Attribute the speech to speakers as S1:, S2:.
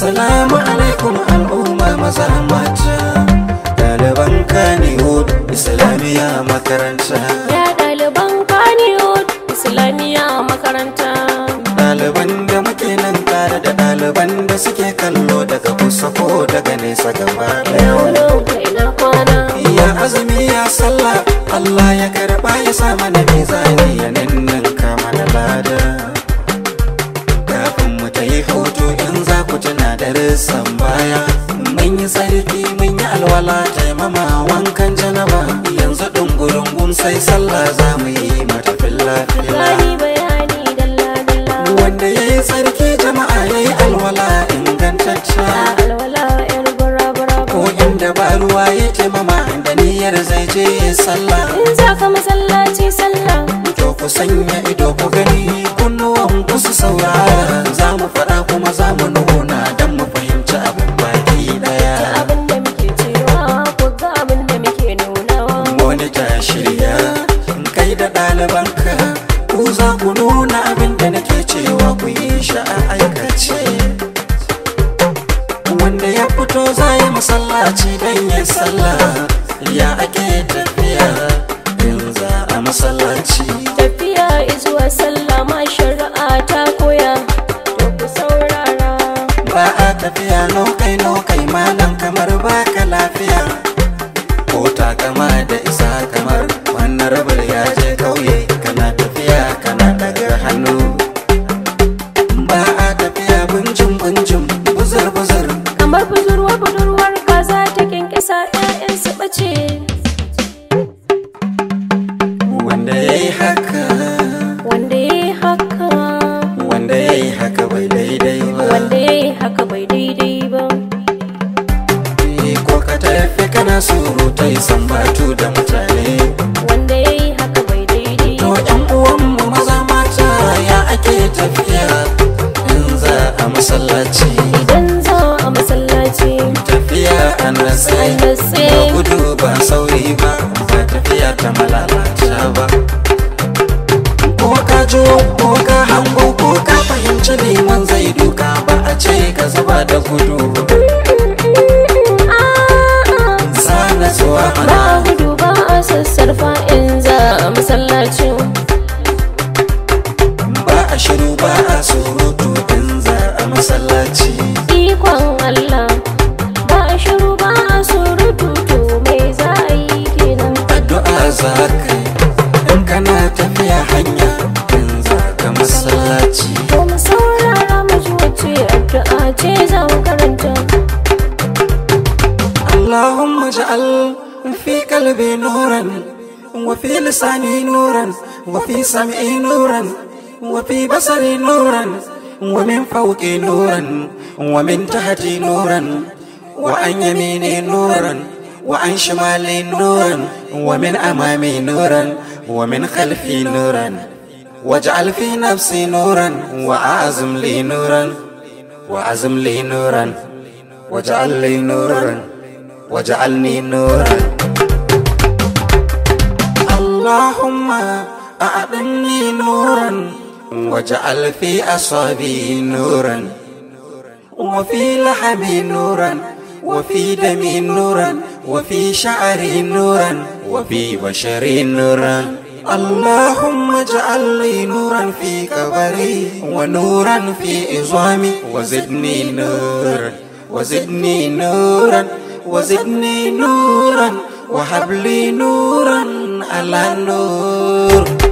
S1: Assalamu alaikum al'umma maza mata Ɗaliban Kannywood Islamiyya makaranta Ya ɗaliban Kannywood Islamiyya makaranta Ɗaliban da muke nan tare da ɗaliban da suke kallo daga kusa ko daga nesa gaba Ya azumi ya sallah Allah ya karɓa ya sa mana mizani sai sallah za mu yi mata filla filla wanda yayi yi tsarki jama'a ya yi alwala ingantacca ko inda ba ruwa ya taimama inda niyyar zai je sallah in za ka masallaci sallah to ku sanya ido ku masallaci don yin sallah ya ake tafiya in za a masallaci tafiya izuwa sallah idan za a masallaci tafiya a natse ba gudu ba sauri ba ba tafiya ta malalaca ba ko ka ji ko ka hango ko ka fahimci neman zai duka ba a ce ka zuba da gudu ba gudu ba a sassarfa in za a ba a shiru ba a surutu in za a masallaci اللهم اجعل في قلبي نورا وفي لساني نورا وفي سمعي نورا وفي بصري نورا ومن فوقي نورا ومن تحتي نورا وعن يميني نورا وعن شمالي نورا ومن أمامي نورا ومن خلفي نورا واجعل في نفسي نورا واعزم لي نورا واعزم لي نورا واجعل لي نورا واجعلني نورا اللهم أعطني نورا واجعل في أصابي نورا وفي لحمي نورا وفي دمي نورا وفي شعري نورا وفي بشري نورا اللهم اجعل لي نورا في كبري ونورا في عظامي وزدني نورا وزدني نورا وزدني نورا وحبلي نورا على النور